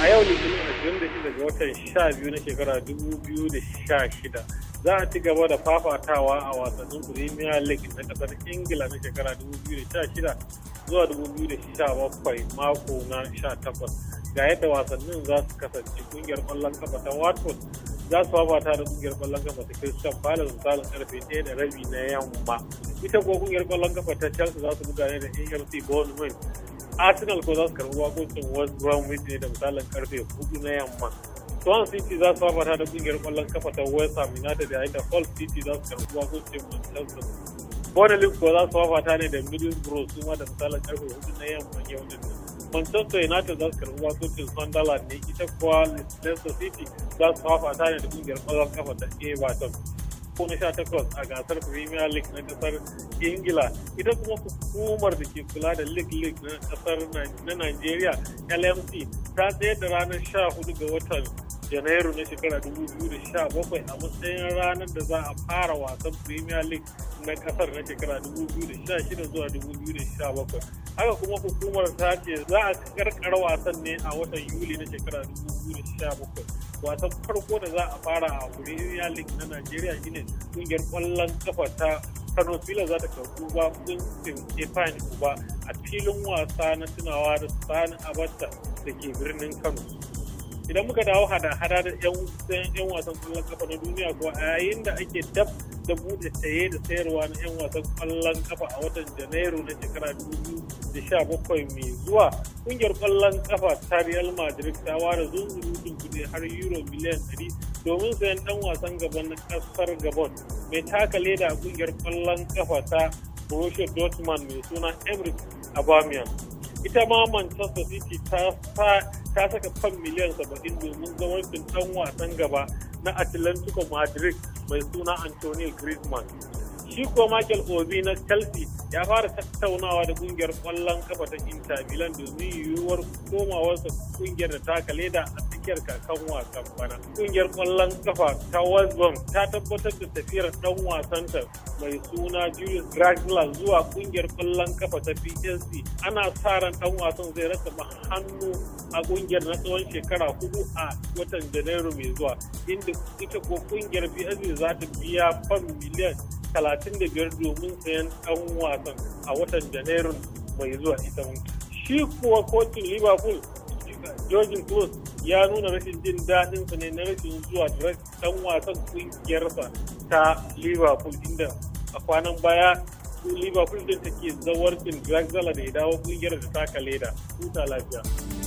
a yau litinin jirgin da shida ga watan sha biyu na shekara dubu biyu da sha shida za a ci gaba da fafatawa a wasannin premier league na kasar ingila na shekara dubu biyu da sha shida zuwa dubu biyu da sha bakwai mako na sha takwas ga yadda wasannin za su kasance kungiyar kwallon kafa ta watford za su fafata da kungiyar kwallon kafa ta christian palace misalin karfe ɗaya da rabi na yamma ita ko kungiyar kwallon kafa ta chelsea za su buga ne da afc bournemouth arsenal ko za su karbi wakoncin west bromwich ne da misalin karfe hudu na yamma swan city za su fafata da ƙungiyar kwallon kafa ta west ham united yayin da hull city za su karbi wakoncin manchester bonelin ko za su fafata ne da middlesbrough su ma da misalin karfe hudu na yamma yau da manchester united za su karbi wakoncin sunderland ne ita kuwa leicester city za su fafata ne da ƙungiyar kwallon kafa ta everton ko na takwas a gasar premier league na kasar ingila ita kuma hukumar da ke kula da league league na kasar na nigeria lmc ta tsaye da ranar hudu ga watan janairu na shekara 2017 a matsayin ranar da za a fara wasan premier league na kasar na shekara 2016 zuwa 2017 haka kuma hukumar ta ce za a karkar wasan ne a watan yuli na shekara 2017 wasan farko da za a fara a premier league na nigeria shine kungiyar kwallon kafa ta kano filar za ta karku ba kudin stefan ba a filin wasa na tunawa da sani abatta da ke birnin kano idan muka dawo hada-hada da 'yan wasan kwallon kafa na duniya ko a yayin da ake dab da bude saye da sayarwa na 'yan wasan kwallon kafa a watan janairu na shekara da sha bakwai mai zuwa kungiyar kwallon kafa ta real madrid ta ware zunzurutun kudi har euro miliyan 100 domin sayan dan wasan gaban na kasar gabon mai taka leda a kungiyar kwallon kafa ta borussia dortmund mai suna emirates abamian ita ma manchester city ta ta saka fan miliyan 70 domin zawancin dan wasan gaba na Atlantico Madrid mai suna Antonio Griezmann. Shi kuwa Michael Obi na Chelsea ya fara tattaunawa da kungiyar kwallon kafa ta Inter Milan domin yiwuwar komawarsa kungiyar da taka leda a tsakiyar kakan wasan bana. Kungiyar kwallon kafa ta Westbrom ta tabbatar da tafiyar dan wasanta mai suna Julius Dragula zuwa ƙungiyar kwallon kafa ta PSC. Ana sa ran dan wasan zai rasa hannu a kungiyar na tsawon shekara hudu a watan Janairu mai zuwa. Inda ita ko kungiyar PSC za ta biya fam miliyan 35 domin sayan ɗan wasan a watan Janairu mai zuwa ita. Shi kuwa kotun Liverpool Jorgin Klose ya nuna rashin jin daɗinsa ne na rashin zuwa dan wasan ƙungiyarsa ta Liverpool inda a kwanan baya Liverpool din take zawarcin Greg da ya dawo ƙungiyar da taka leda. Huta lafiya.